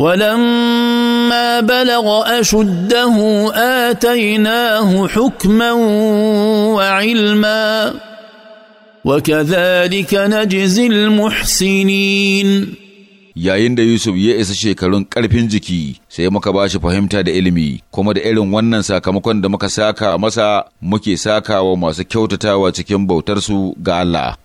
ولما بلغ اشده اتيناه حكما وعلما وكذلك نجزي المحسنين yayin da Yusuf ya isa shekarun ƙarfin jiki sai muka ba shi fahimta da ilimi kuma da irin wannan sakamakon da muka saka masa muke sakawa masu kyautatawa cikin bautarsu ga Allah